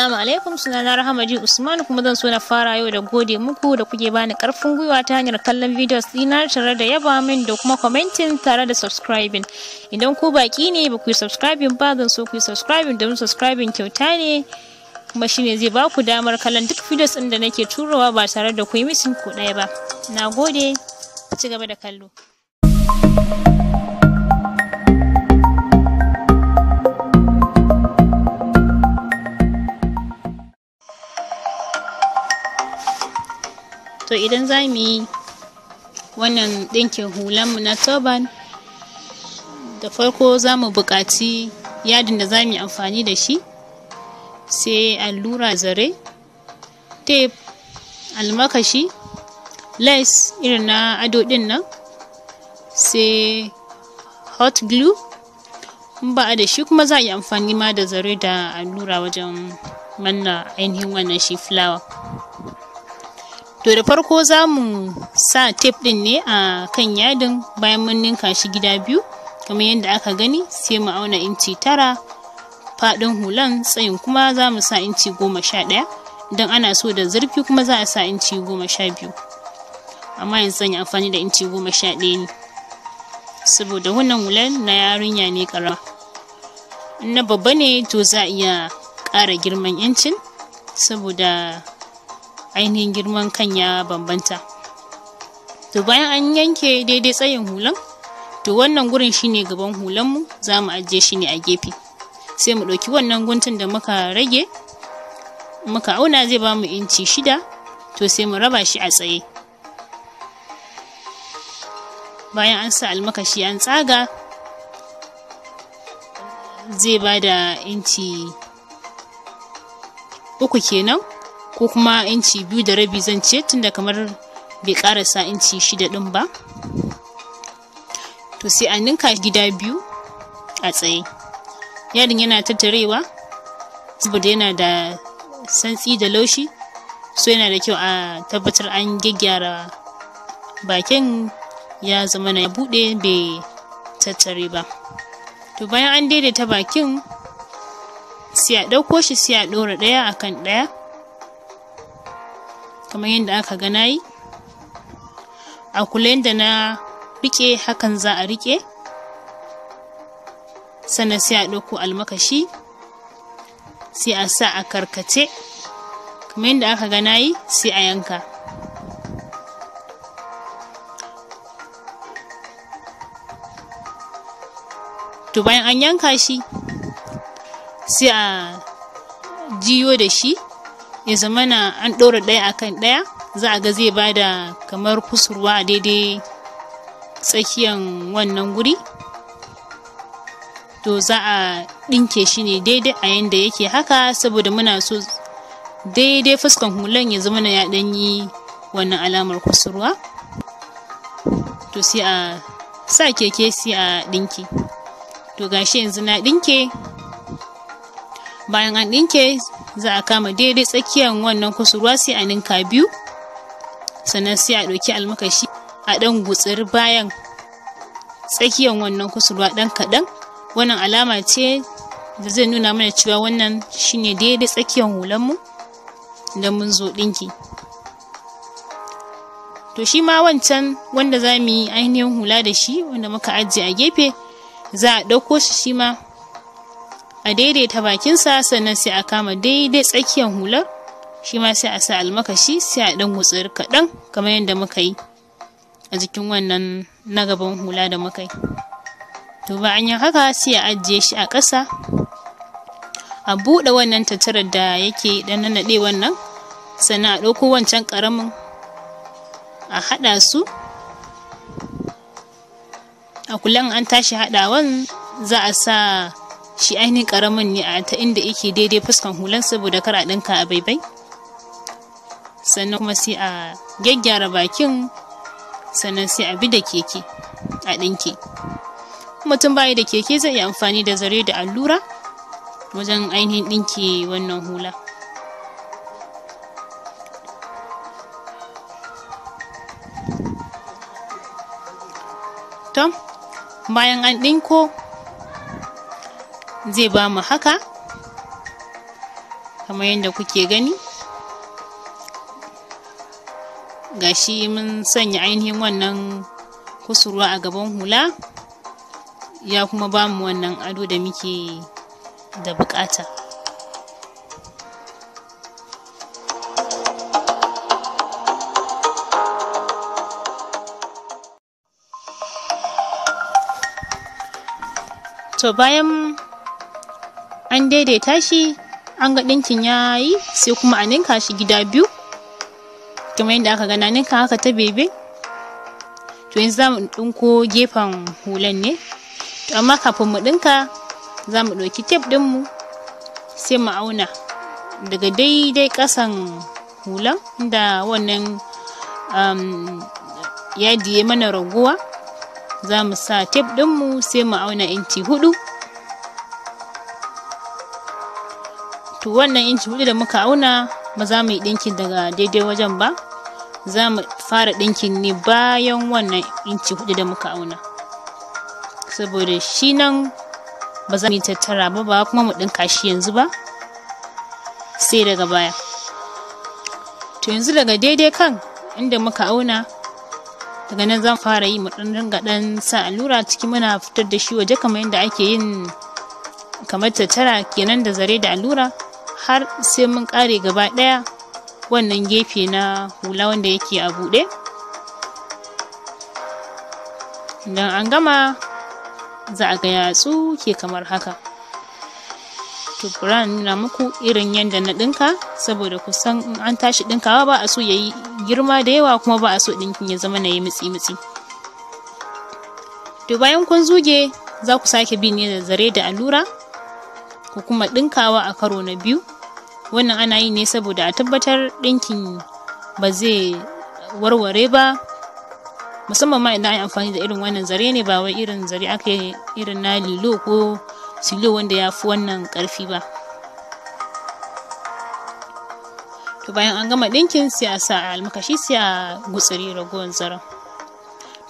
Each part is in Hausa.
Assalamu alaikum sunana Rahamaji Usman kuma zan so na fara yau da gode muku da kuke bani karfin gwiwa ta hanyar kallon videos dina tare da yaba min da kuma commenting tare da subscribing. Idan ku baki ne ba ku yi subscribing ba zan so ku yi subscribing domin subscribing kyauta ne kuma shine zai ba ku damar kallon duk videos ɗin da nake turowa ba tare da ku yi missing ko ɗaya ba. Na gode, ci gaba da kallo. to idan za mu yi wannan ɗinkin hulanmu na turban da farko za mu buƙaci yadin da za mu yi amfani da shi sai allura zare tape almakashi lace irin na ado ɗin nan sai hot glue ba a da shi kuma za a yi amfani ma da zare da allura wajen manna ainihin wannan shi fulawa to da farko za mu sa tef ɗin ne a kan yadin bayan mun ninka shi gida biyu kamar yadda aka gani sai mu auna inci tara faɗin hulan tsayin kuma za mu sa inci goma sha ɗaya don ana so da zurfi kuma za a sa inci goma sha biyu amma yanzu zan yi amfani da inci goma sha ɗaya ne saboda wannan hulan na yarinya ne ƙarama na babba ne to za a iya ƙara girman 'yancin saboda ainihin girman kan ya bambanta to bayan an yanke daidai tsayin hulan to wannan gurin shine gaban hulanmu za mu ajiye shi ne a gefe sai mu ɗauki wannan guntun da muka rage muka auna zai ba mu inci shida to sai mu raba shi a tsaye bayan an sa almakashi an tsaga zai ba da inci uku kenan ko kuma inci biyu da rabi zan ce tunda kamar bai karasa inci shida din ba to sai a ninka gida biyu a tsaye yadin yana tattarewa saboda yana da santsi da laushi so yana da kyau a tabbatar an gyaggyara bakin ya zama na bude bai tattare ba to bayan an daidaita bakin sai a ɗauko shi sai a ɗora ɗaya akan ɗaya kamar yadda aka ga yi a kula yadda na rike hakan za a rike sannan sai a ɗauko almakashi sai a sa a karkace kamar yadda aka ga yi sai a yanka to bayan an yanka shi sai a jiyo da shi ya zama na an ɗora ɗaya akan ɗaya za a ga zai ba da kamar kusurwa a daidai tsakiyan wannan guri to za a ɗinke shi ne daidai a yanda yake haka saboda muna so daidai fuskan hulan ya zama na ya ɗan yi wannan alamar kusurwa to sai a sa keke sai a ɗinke to gashi yanzu na ɗinke bayan an ɗinke za a kama daidai tsakiyar wannan kusurwa sai a ninka biyu sannan sai a ɗauki almakashi a ɗan gutsiri bayan tsakiyar wannan kusurwa ɗan kaɗan wannan alama ce da zai nuna mana cewa wannan shine daidai tsakiyar hulanmu da mun zo ɗinki to shi ma wancan wanda za mu yi ainihin hula da shi wanda muka ajiye a gefe za a ɗauko shi shi ma a daidaita bakinsa sannan sai a kama daidai tsakiyar hular shi ma sai a sa almakashi sai a ɗan gutsiri kaɗan kamar yadda muka yi a jikin wannan na gaban hula da muka yi to bayan haka sai a ajiye shi a ƙasa a buɗe wannan tattarar da yake ɗan naɗe wannan sannan a ɗauko wancan ƙaramin a haɗa su a kulan an tashi haɗawan za a sa shi ainihin karamin ne a ta inda yake daidai fuskan hulan, saboda kar a ɗinka a baibai sannan kuma sai a gyaggyara bakin sannan sai a bi da keke a ɗinke mutum bayi da keke zai yi amfani da zare da allura wajen ainihin ɗinke wannan hula tom bayan an ɗinko zai ba mu haka kamar yadda kuke gani gashi mun sanya ainihin wannan kusurwa a gaban hula ya kuma ba mu wannan ado da muke da bukata to bayan an daidaita shi an ga ɗinkin ya yi sai kuma a ninka shi gida biyu kamar yadda aka gana ninka haka ta bebe to yanzu za mu ɗinko gefen hulan ne to amma kafin mu ɗinka za mu ɗauki tef ɗinmu sai mu auna daga daidai ƙasan hulan inda wannan um, ya mana raguwa za mu sa tef ɗinmu sai mu auna inci hudu to wannan inci hudu da muka auna ba za mu yi ɗinkin daga daidai wajen ba za mu fara ɗinkin ne bayan wannan inci hudu da muka auna saboda shi nan ba za mu yi tattara ba ba kuma mu ɗinka shi yanzu ba sai daga baya to yanzu daga daidai kan inda muka auna daga nan za mu fara yi mu dinga dan sa allura ciki muna fitar da shi waje kamar yadda ake yin kamar tattara kenan da zare da allura har sai mun kare gaba daya wannan gefe na hula wanda yake a buɗe idan an gama za a ga yatsu ke kamar haka to na nuna muku irin yadda na dinka saboda kusan in an tashi dinkawa, ba a so ya yi girma da yawa kuma ba a so ɗinkin ya zama na yi mitsi-mitsi to bayan kun zuge za ku sake bi ne da zare da allura ko kuma ɗinkawa a karo na biyu wannan ana yi ne saboda a tabbatar ɗinkin ba zai warware ba musamman ma idan an amfani da irin wannan zare ne ba wai irin zare aka irin na lilo ko silo wanda ya fi wannan ƙarfi ba to bayan an gama ɗinkin sai a sa almakashi sai a gutsiri ragowar zaren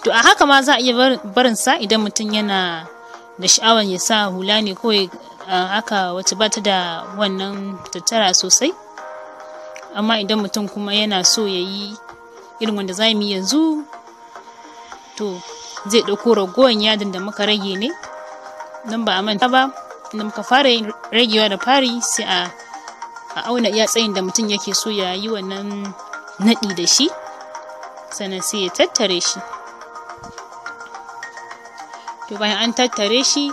to a haka ma za a iya barin sa idan mutum yana da sha'awar ya sa hula ne ko aka wace ba ta da wannan tattara sosai amma idan mutum kuma yana so ya yi irin wanda za mu yanzu to zai ɗauko ragowar yadin da muka rage ne Nan ba a manta ba da muka fara yin ragewa da fari sai a auna iya tsayin da mutum yake so ya yi wannan naɗi da shi sannan sai ya tattare shi to bayan an tattare shi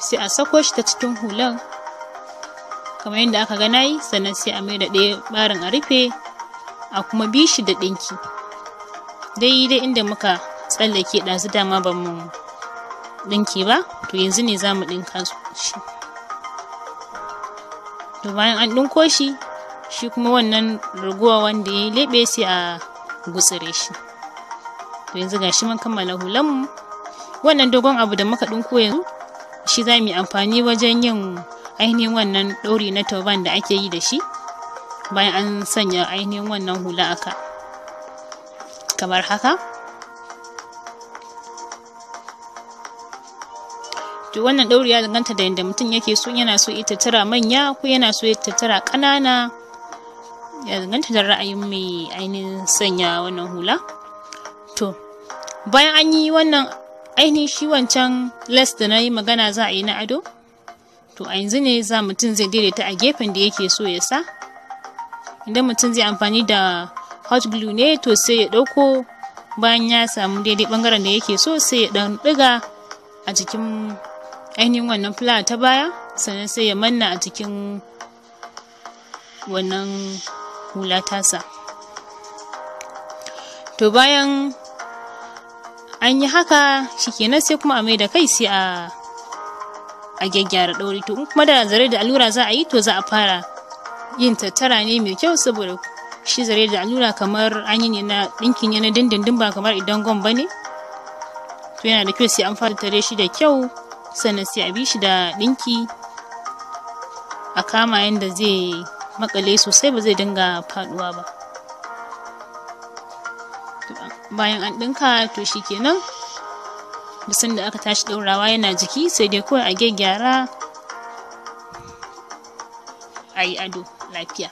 sai a sako shi ta cikin hulan kamar yadda aka ga nayi sannan sai a mai da ɗaya barin a rufe a kuma bi shi da ɗinki daidai inda muka tsallake ɗazu dama ba mu ɗinki ba to yanzu ne za mu ɗinka shi to bayan an ɗinko shi shi kuma wannan raguwa wanda ya leɓe sai a gutsire shi to yanzu gashi mun kammala hulanmu wannan dogon abu da muka ɗinko yanzu shi za mu yi amfani wajen yin ainihin wannan ɗori na turban da ake yi da shi bayan an sanya ainihin wannan hula aka kamar haka to wannan ɗauri ya danganta da yadda mutum yake so yana so ita tattara manya ko yana so ita tattara ƙanana ya danganta da ra'ayin mai ainihin sanya wannan hula to bayan an yi wannan ainihin shi wancan les da na yi magana za a yi na ado to a yanzu ne za mutum zai daidaita a gefen da yake so ya sa idan mutum zai amfani da hot glue ne to sai ya ɗauko bayan ya samu daidai ɓangaren da yake so sai ya ɗan ɗiga a jikin ainihin wannan fulawa ta baya sannan sai ya manna a jikin wannan hula tasa to bayan an yi haka shikenan sai kuma a mai da kai sai a a gyaggyara ɗauri to kuma da zare da allura za a yi to za a fara yin tattara ne mai kyau saboda shi zare da allura kamar an yi ne na ɗinkin yana dindindin ba kamar idan gwam ba ne to yana da kyau sai an fara tare shi da kyau sannan sai a bi shi da ɗinki a kama yadda zai makale sosai ba zai dinga faduwa ba bayan an ɗinka to shi kenan da aka tashi ɗaurawa yana jiki sai dai kawai a gyaggyara a yi ado lafiya